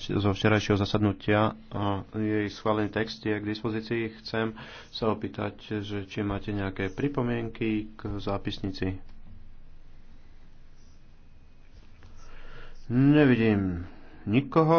zo včerajšieho zasadnutia a jej schválený text je k dispozícii. Chcem sa opýtať, že či máte nejaké pripomienky k zápisnici. Nevidím nikoho.